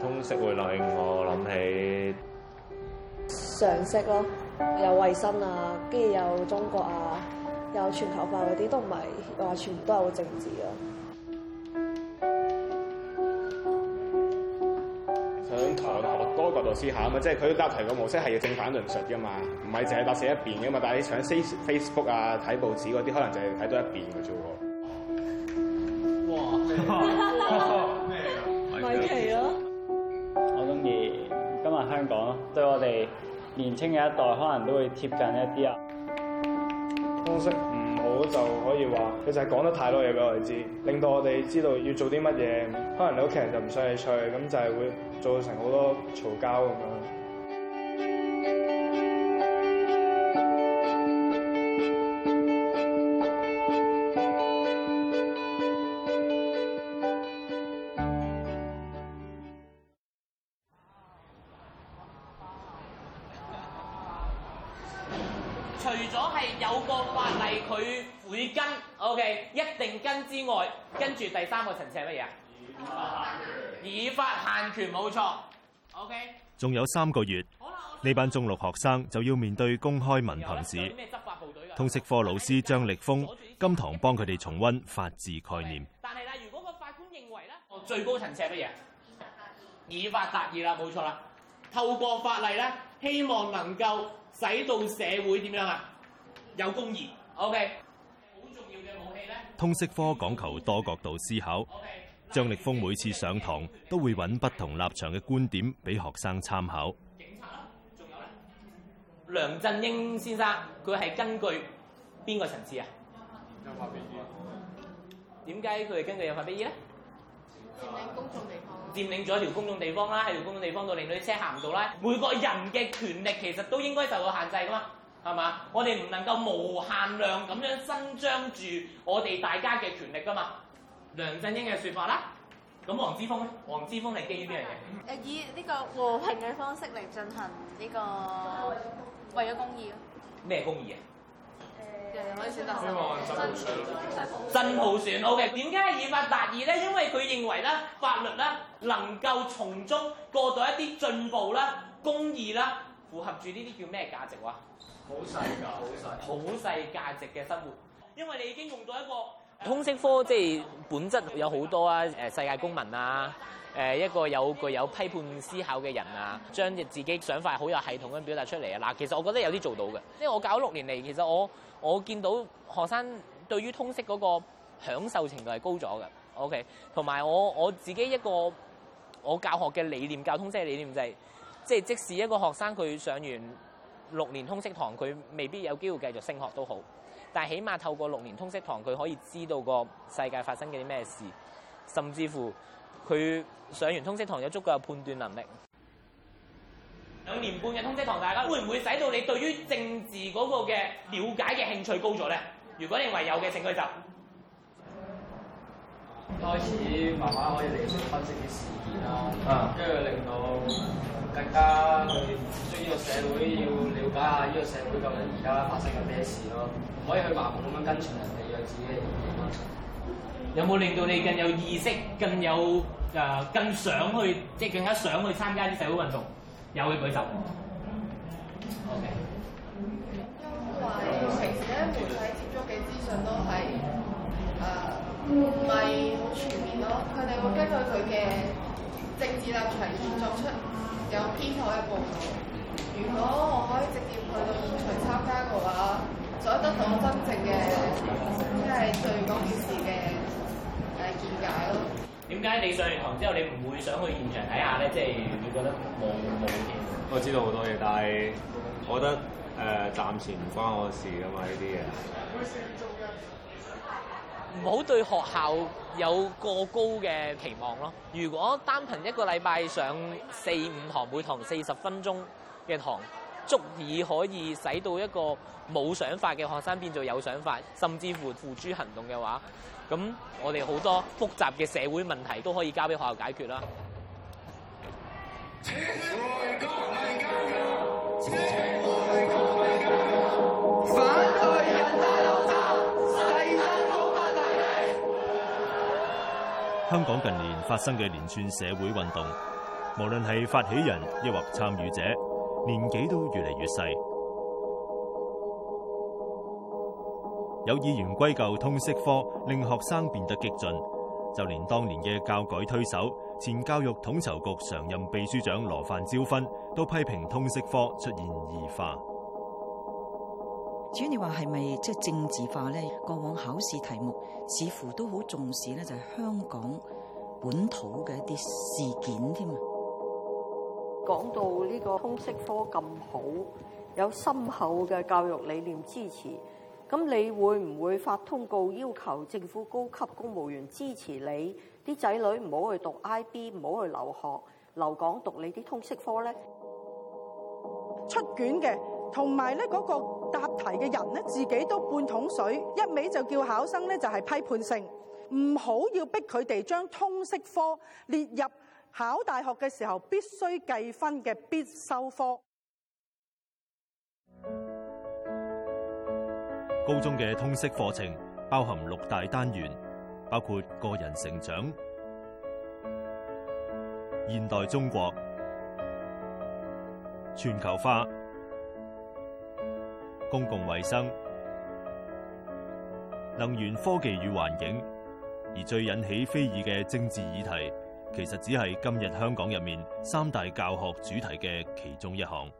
通識會令我諗起常識咯，有衛生啊，跟住有中國啊，有全球化嗰啲，都唔係話全部都係好政治咯。試下啊嘛，即係佢啲答題個模式係要正反論述㗎嘛，唔係淨係答寫一邊㗎嘛，但係你上 Face Facebook 啊，睇報紙嗰啲，可能就係睇到一邊嘅啫喎。哇！咩啊？米奇咯。我中意，今日香港咯，對我哋年輕嘅一代可能都會貼近一啲啊。方式。就可以話，佢就係講得太多嘢俾我哋知，令到我哋知道要做啲乜嘢。可能你屋企人就唔想你出去，咁就係會造成好多嘈交咁樣。除咗係有個法例，佢會跟 OK，一定跟之外，跟住第三個層次係乜嘢啊？以法限權，以法限權冇錯。OK，仲有三個月，呢班中六學生就要面對公開文憑試。咩執法部隊啊？通識課老師張力峰，今堂幫佢哋重溫法治概念。但係啦，如果個法官認為咧，最高層次係乜嘢？以法達義啦，冇錯啦。透過法例咧，希望能夠使到社會點樣啊？有公義。OK。通識科講求多角度思考，張力峰每次上堂都會揾不同立場嘅觀點俾學生參考。警察啦，仲有咧？梁振英先生，佢係根據邊個層次啊？有法必依。點解佢係根據有法必依咧？佔領公眾地方。佔領咗條公眾地方啦，喺條公眾地方度令到啲車行唔到啦。每個人嘅權利其實都應該受到限制噶嘛。係嘛？我哋唔能夠無限量咁樣伸張住我哋大家嘅權力㗎嘛？梁振英嘅說法啦，咁黃之鋒咧？黃之鋒係基於咩嘢？誒，以呢個和平嘅方式嚟進行呢、這個 為咗公義咩公義啊？誒、呃，又可以做到。真普選好嘅。點解、okay、以法達義咧？因為佢認為咧，法律咧能夠從中過渡一啲進步啦、公義啦，符合住呢啲叫咩價值話？好細㗎，好細，好細價值嘅生活，因為你已經用咗一個通識科，即係本質有好多啊！誒，世界公民啊，誒，一個有具有批判思考嘅人啊，將你自己想法好有系統咁表達出嚟啊！嗱，其實我覺得有啲做到嘅，即係我教六年嚟，其實我我見到學生對於通識嗰個享受程度係高咗嘅，OK，同埋我我自己一個我教學嘅理念，教通識嘅理念就係，即係即使一個學生佢上完。六年通識堂佢未必有機會繼續升學都好，但係起碼透過六年通識堂佢可以知道個世界發生嘅啲咩事，甚至乎佢上完通識堂有足夠嘅判斷能力。兩年半嘅通識堂，大家會唔會使到你對於政治嗰個嘅了解嘅興趣高咗咧？如果你認為有嘅，請舉手。開始慢慢可以理性分析啲事件啦，跟住令到。大家去出呢個社會，要了解下呢個社會究竟而家發生緊咩事咯，唔可以去盲目咁樣跟隨人哋，讓自己嘅有冇令到你更有意識、更有誒、呃、更想去，即係更加想去參加啲社會運動，有嘅，舉手。Okay. 因為平時咧媒體接觸嘅資訊都係誒唔係好全面咯，佢哋會根據佢嘅。政治立場而作出有偏頗嘅報告。如果我可以直接去到現場參加嘅話，再得到真正嘅，即係對嗰件事嘅誒見解咯。點解你上完堂之後，你唔會想去現場睇下咧？即係你覺得冇冇？我知道好多嘢，但係我覺得誒、呃、暫時唔關我事㗎嘛，呢啲嘢。唔好對學校有過高嘅期望咯。如果單憑一個禮拜上四五堂，每堂四十分鐘嘅堂，足以可以使到一個冇想法嘅學生變做有想法，甚至乎付諸行動嘅話，咁我哋好多複雜嘅社會問題都可以交俾學校解決啦。 香港近年發生嘅連串社會運動，無論係發起人抑或參與者，年紀都越嚟越細。有議員歸咎通識科令學生變得激進，就連當年嘅教改推手、前教育統籌局常任秘書長羅范椒芬都批評通識科出現異化。主要你話係咪即係政治化咧？過往考試題目似乎都好重視咧，就係香港本土嘅一啲事件添。講到呢個通識科咁好，有深厚嘅教育理念支持，咁你會唔會發通告要求政府高級公務員支持你啲仔女唔好去讀 IB，唔好去留學，留港讀你啲通識科咧？出卷嘅。同埋咧，嗰個答題嘅人呢，自己都半桶水，一味就叫考生呢就係批判性，唔好要要逼佢哋將通識科列入考大學嘅時候必須計分嘅必修科。高中嘅通識課程包含六大單元，包括個人成長、現代中國、全球化。公共衛生、能源科技與環境，而最引起非議嘅政治議題，其實只係今日香港入面三大教學主題嘅其中一項。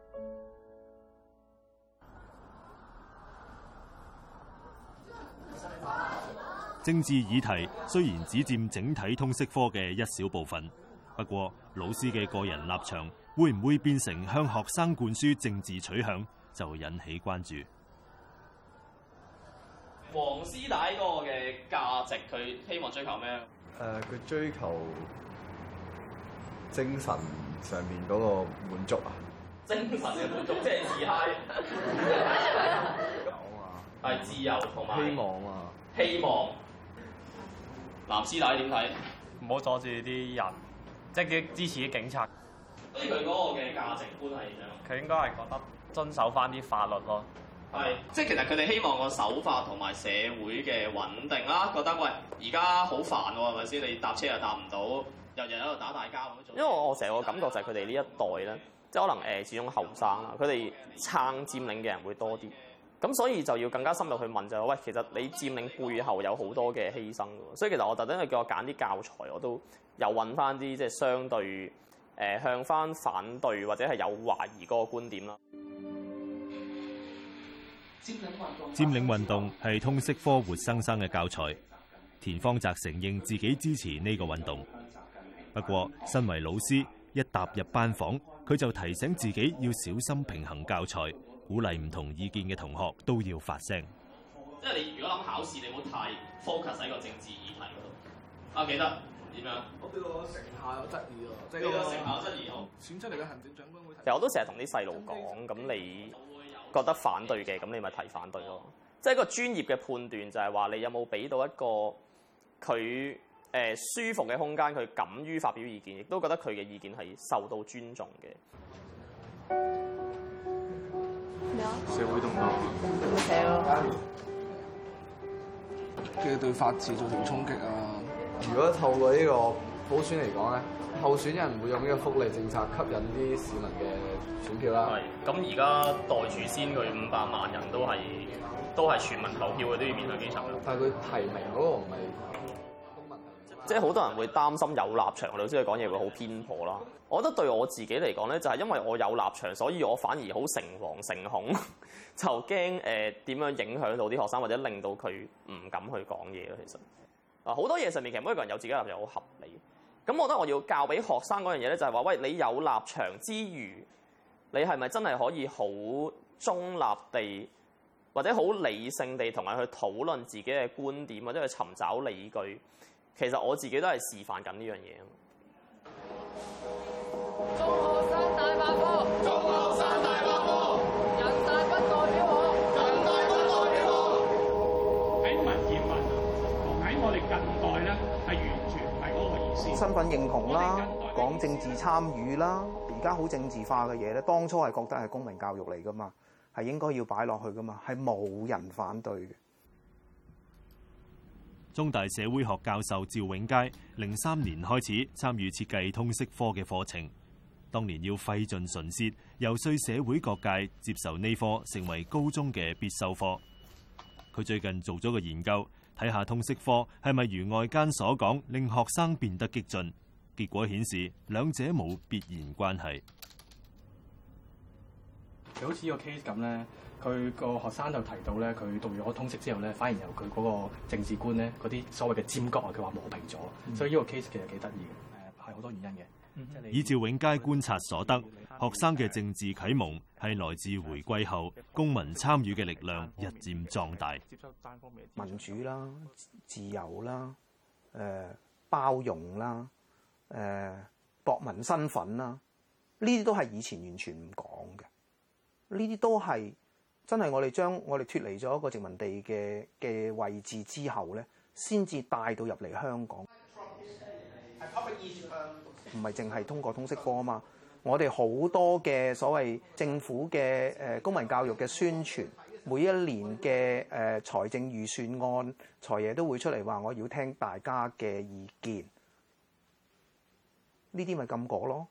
政治議題雖然只佔整體通識科嘅一小部分，不過老師嘅個人立場會唔會變成向學生灌輸政治取向？就引起關注。黃師奶嗰個嘅價值，佢希望追求咩？誒、呃，佢追求精神上面嗰個滿足啊！精神嘅滿足即係自嗨有啊，係自由同埋希望啊！希望。藍師奶點睇？唔好阻住啲人，即係佢支持啲警察。所以佢嗰個嘅價值觀係點？佢應該係覺得，遵守翻啲法律咯，係即係其實佢哋希望個守法同埋社會嘅穩定啦。覺得喂，而家好煩喎，係咪先？你搭車又搭唔到，日日喺度打大交咁樣做。因為我成日個感覺就係佢哋呢一代咧，即係可能誒、呃、始終後生啦，佢哋撐佔領嘅人會多啲，咁所以就要更加深入去問就係、是、喂，其實你佔領背後有好多嘅犧牲喎。所以其實我特登去叫我揀啲教材，我都又揾翻啲即係相對。誒向翻反對或者係有懷疑嗰個觀點啦。佔領運動係通識科活生生嘅教材。田方澤承認自己支持呢個運動，不過身為老師，一踏入班房，佢就提醒自己要小心平衡教材，鼓勵唔同意見嘅同學都要發聲。即係你如果諗考試，你唔好太 focus 喺個政治議題度。我、啊、記得。點樣？我呢個成效有質疑咯，即係呢個成效質疑，好選出嚟嘅行政長官會提。其實我都成日同啲細路講，咁、嗯嗯、你覺得反對嘅，咁你咪提反對咯。哦、即係一個專業嘅判斷，就係話你有冇俾到一個佢誒、呃、舒服嘅空間，佢敢於發表意見，亦都覺得佢嘅意見係受到尊重嘅。社會動盪，唔捨咯。嘅、啊啊、對法治造成衝擊啊！如果透過呢個普選嚟講咧，候選人唔會用呢個福利政策吸引啲市民嘅選票啦？係。咁而家袋住先，佢五百萬人都係都係全民投票嘅都要面對檢查啦。但佢提名嗰個唔係公，即係好多人會擔心有立場嘅老師去講嘢會好偏頗啦。我覺得對我自己嚟講咧，就係、是、因為我有立場，所以我反而好誠惶誠恐， 就驚誒點樣影響到啲學生，或者令到佢唔敢去講嘢咯。其實。啊！好多嘢上面其實每一個人有自己立場，好合理。咁我覺得我要教俾學生嗰樣嘢咧，就係話：喂，你有立場之餘，你係咪真係可以好中立地，或者好理性地同人去討論自己嘅觀點，或者去尋找理據？其實我自己都係示範緊呢樣嘢。中學生大啊！中身份認同啦，講政治參與啦，而家好政治化嘅嘢咧，當初係覺得係公民教育嚟噶嘛，係應該要擺落去噶嘛，係冇人反對嘅。中大社會學教授趙永佳，零三年開始參與設計通識科嘅課程，當年要費盡唇舌，遊說社會各界接受呢科成為高中嘅必修課。佢最近做咗個研究。睇下通識科係咪如外間所講，令學生變得激進？結果顯示兩者冇必然關係就。好似呢個 case 咁咧，佢個學生就提到咧，佢讀咗通識之後咧，反而由佢嗰個政治觀咧，嗰啲所謂嘅尖角啊，佢話磨平咗。所以呢個 case 其實幾得意嘅，誒係好多原因嘅。以趙永佳觀察所得，學生嘅政治啟蒙係來自回歸後公民參與嘅力量日漸壯大。民主啦、自由啦、誒、呃、包容啦、誒、呃、國民身份啦，呢啲都係以前完全唔講嘅。呢啲都係真係我哋將我哋脫離咗一個殖民地嘅嘅位置之後咧，先至帶到入嚟香港。唔係淨係通過通識科啊嘛，我哋好多嘅所謂政府嘅誒公民教育嘅宣傳，每一年嘅誒財政預算案，財爺都會出嚟話我要聽大家嘅意見，呢啲咪咁講咯。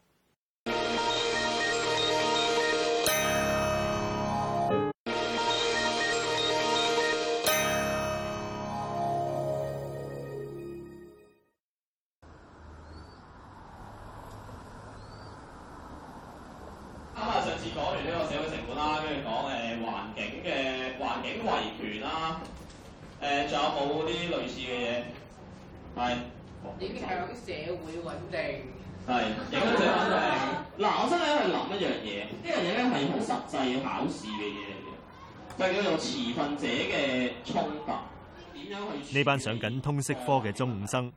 考試嘅嘢，就係嗰種持份者嘅衝突。點樣去？呢班上緊通識科嘅中五生，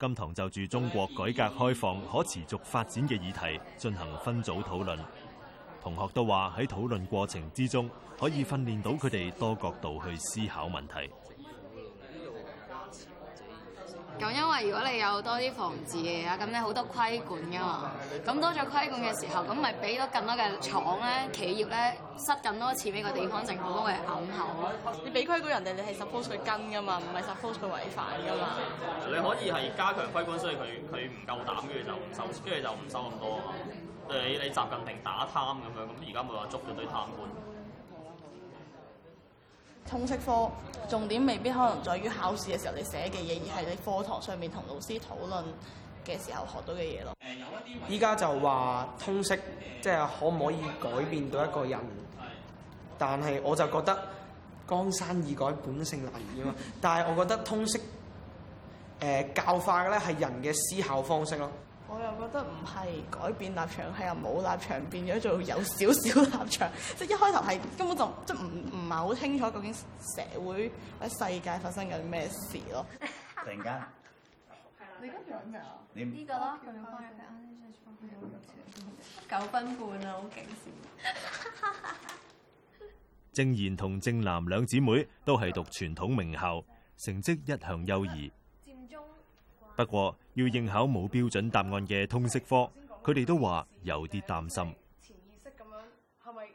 今堂就住中國改革開放可持續發展嘅議題進行分組討論。同學都話喺討論過程之中，可以訓練到佢哋多角度去思考問題。咁因為如果你有多啲防治嘅嘢啊，咁你好多規管噶嘛，咁多咗規管嘅時候，咁咪俾多更多嘅廠咧、企業咧，塞緊多錢俾個地方政府都係暗口。你俾規管人哋，你係 suppose 佢跟噶嘛，唔係 suppose 佢違反噶嘛。你可以係加強規管，所以佢佢唔夠膽，跟住就唔收，跟住就唔收咁多啊。即係你你習近平打貪咁樣，咁而家咪話捉咗對貪官。通識科重點未必可能在於考試嘅時候你寫嘅嘢，而係你課堂上面同老師討論嘅時候學到嘅嘢咯。依家就話通識即係、就是、可唔可以改變到一個人？但係我就覺得江山易改本性難移啊嘛。但係我覺得通識、呃、教化嘅咧係人嘅思考方式咯。我又覺得唔係改變立場，係由冇立場變咗做有少少立場，即係一，一開頭係根本就即係唔唔係好清楚究竟社會或者世界發生緊咩事咯。突然間，你今日點啊？你呢個啦，九分半啊，好勁先！ 正言同正南兩姊妹都係讀傳統名校，成績一向優異。不過要應考冇標準答案嘅通識科，佢哋都話有啲擔心。潛意識咁樣係咪？是是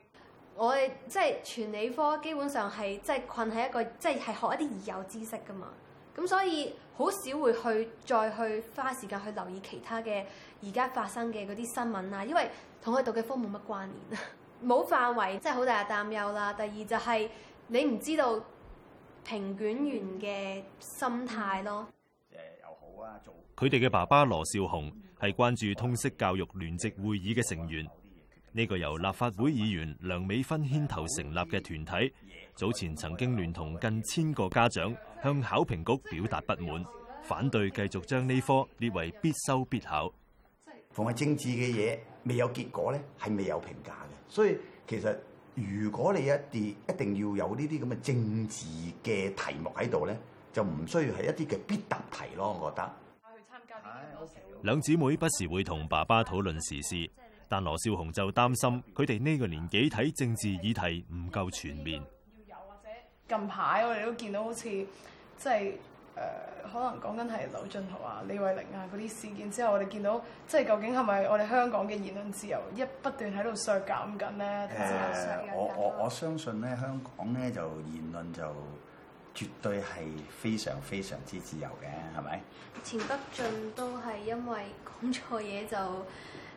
我哋即係全理科基本上係即係困喺一個即係係學一啲已有知識噶嘛，咁所以好少會去再去花時間去留意其他嘅而家發生嘅嗰啲新聞啊，因為同佢讀嘅科冇乜關聯，冇範圍，即係好大嘅擔憂啦。第二就係、是、你唔知道評卷員嘅心態咯。佢哋嘅爸爸羅少雄係關注通識教育聯席會議嘅成員，呢個由立法會議員梁美芬牽頭成立嘅團體，早前曾經聯同近千個家長向考評局表達不滿，反對繼續將呢科列為必修必考。凡係政治嘅嘢，未有結果咧，係未有評價嘅。所以其實如果你一啲一定要有呢啲咁嘅政治嘅題目喺度咧，就唔需要係一啲嘅必答題咯，我覺得。兩姊、哎、妹不時會同爸爸討論時事，嗯就是、但羅少雄就擔心佢哋呢個年紀睇政治議題唔夠全面。要有或者近排我哋都見到好似即係誒，可能講緊係劉俊豪啊、李慧玲啊嗰啲事件之後，我哋見到即係、就是、究竟係咪我哋香港嘅言論自由一不斷喺度削減緊呢？呢呃、我我我相信咧，香港咧就言論就。絕對係非常非常之自由嘅，係咪？前德進都係因為講錯嘢就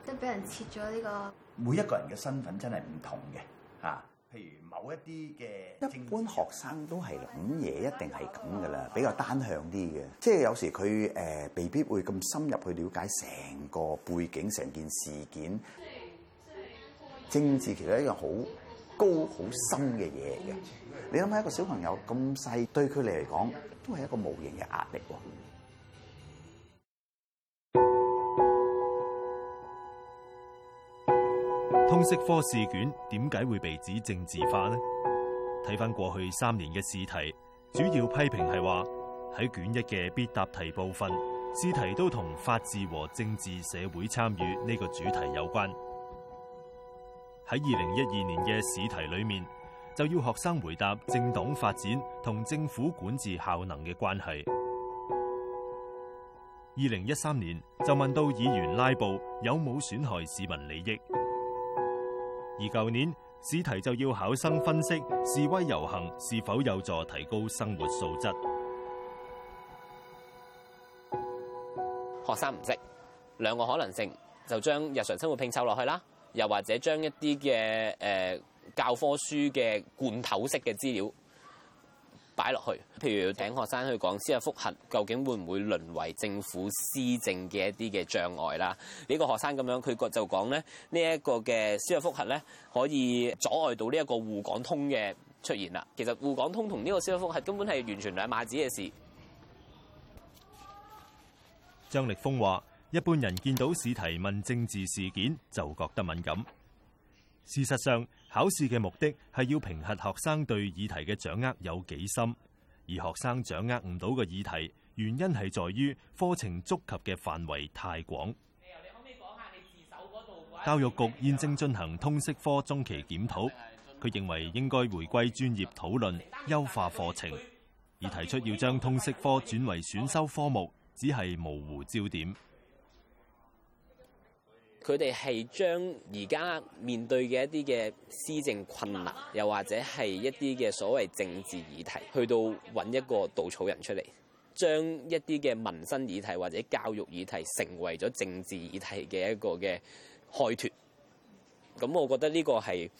即係俾人切咗呢、這個。每一個人嘅身份真係唔同嘅，嚇、啊。譬如某一啲嘅，一般學生都係諗嘢一定係咁噶啦，是比較單向啲嘅。嗯、即係有時佢誒未必會咁深入去了解成個背景、成件事件。即係即係政治，其實一樣好。高好深嘅嘢嘅，你諗下一個小朋友咁細，對佢哋嚟講都係一個無形嘅壓力。通識科試卷點解會被指政治化呢？睇翻過去三年嘅試題，主要批評係話，喺卷一嘅必答題部分，試題都同法治和政治社會參與呢個主題有關。喺二零一二年嘅試題裏面，就要學生回答政黨發展同政府管治效能嘅關係。二零一三年就問到議員拉布有冇損害市民利益，而舊年試題就要考生分析示威遊行是否有助提高生活素質。學生唔識，兩個可能性就將日常生活拼湊落去啦。又或者將一啲嘅誒教科書嘅罐頭式嘅資料擺落去，譬如要請學生去講司法覆核，究竟會唔會淪為政府施政嘅一啲嘅障礙啦？呢、這個學生咁樣，佢就講咧呢一、這個嘅司法覆核咧可以阻礙到呢一個滬港通嘅出現啦。其實滬港通同呢個司法覆核，根本係完全兩碼子嘅事。張力峰話。一般人見到試題問政治事件就覺得敏感。事實上，考試嘅目的係要評核學生對議題嘅掌握有幾深，而學生掌握唔到嘅議題，原因係在於課程觸及嘅範圍太廣。教育局現正進行通識科中期檢討，佢認為應該回歸專業討論，優化課程，而提出要將通識科轉為選修科目，只係模糊焦點。佢哋係將而家面對嘅一啲嘅施政困難，又或者係一啲嘅所謂政治議題去到揾一個稻草人出嚟，將一啲嘅民生議題或者教育議題成為咗政治議題嘅一個嘅開脫。咁我覺得呢個係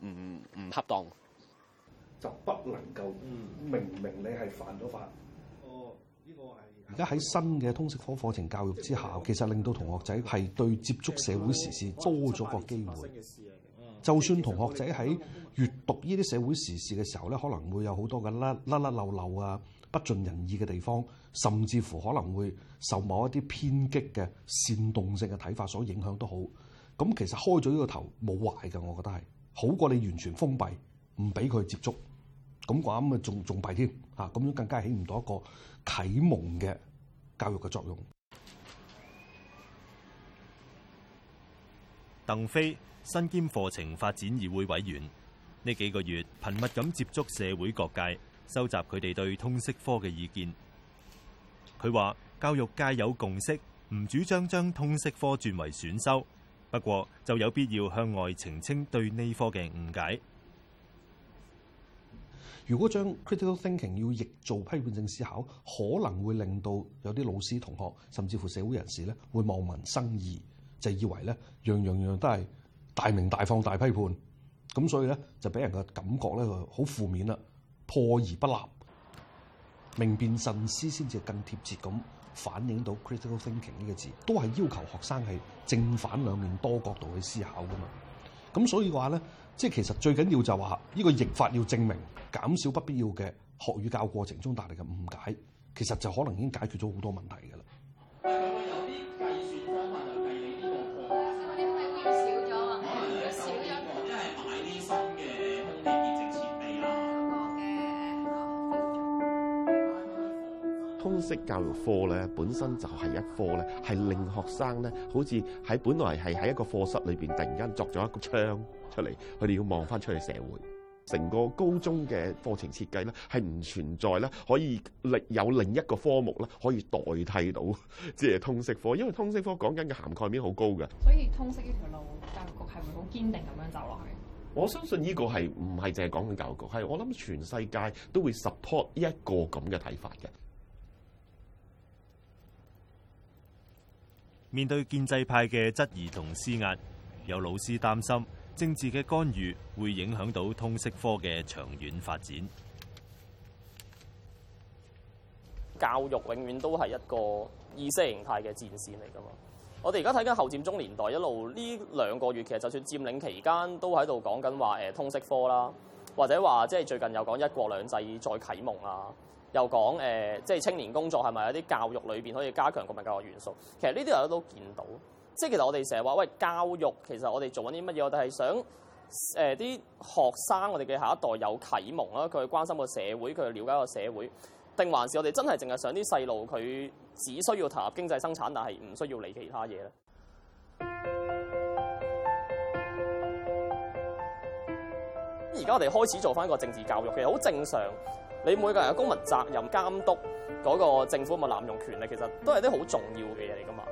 唔唔恰當，就不能夠明明你係犯咗法。哦，呢、這個係。而家喺新嘅通識科課程教育之下，其實令到同學仔係對接觸社會時事多咗個機會。就算同學仔喺閲讀呢啲社會時事嘅時候咧，可能會有好多嘅甩甩甩漏漏啊、不盡人意嘅地方，甚至乎可能會受某一啲偏激嘅煽動性嘅睇法所影響都好。咁其實開咗呢個頭冇壞㗎，我覺得係好過你完全封閉唔俾佢接觸。咁話咁啊，仲仲弊添嚇，咁樣更加起唔到一個啟蒙嘅教育嘅作用。鄧飛身兼課程發展議會委員，呢幾個月頻密咁接觸社會各界，收集佢哋對通識科嘅意見。佢話：教育界有共識，唔主張將通識科轉為選修，不過就有必要向外澄清對呢科嘅誤解。如果將 critical thinking 要譯做批判性思考，可能會令到有啲老師同學，甚至乎社會人士咧，會望文生義，就以為咧，各樣樣樣都係大鳴大放、大批判，咁所以咧，就俾人嘅感覺咧，好負面啦，破而不立。明辨慎思先至更貼切咁反映到 critical thinking 呢個字，都係要求學生係正反兩面多角度去思考噶嘛。咁所以嘅話咧，即係其實最緊要就話呢個譯法要證明減少不必要嘅學與教過程中帶嚟嘅誤解，其實就可能已經解決咗好多問題㗎啦。通識教育科咧，本身就係一科咧，係令學生咧，好似喺本來係喺一個課室裏邊，突然間作咗一個窗出嚟，佢哋要望翻出去社會。成個高中嘅課程設計咧，係唔存在咧可以另有另一個科目咧可以代替到即係通識科，因為通識科講緊嘅涵蓋面好高嘅。所以通識呢條路，教育局係會好堅定咁樣走落去。我相信呢個係唔係淨係講緊教育局，係我諗全世界都會 support 呢一個咁嘅睇法嘅。面對建制派嘅質疑同施壓，有老師擔心政治嘅干預會影響到通識科嘅長遠發展。教育永遠都係一個意識形態嘅戰線嚟㗎嘛。我哋而家睇緊後佔中年代，一路呢兩個月其實就算佔領期間都喺度講緊話誒通識科啦，或者話即係最近有講一國兩制再啟蒙啊。又講、呃、即係青年工作係咪有啲教育裏面可以加強國民教育元素？其實呢啲大家都見到。即係其實我哋成日話喂，教育其實我哋做緊啲乜嘢？我哋係想啲、呃、學生，我哋嘅下一代有啟蒙啦，佢去關心個社會，佢去了解個社會，定還是我哋真係淨係想啲細路佢只需要投入經濟生產，但係唔需要理其他嘢咧？而家我哋開始做翻個政治教育，其實好正常。你每個人嘅公民責任監督嗰個政府有冇濫用權力，其實都係啲好重要嘅嘢嚟㗎嘛。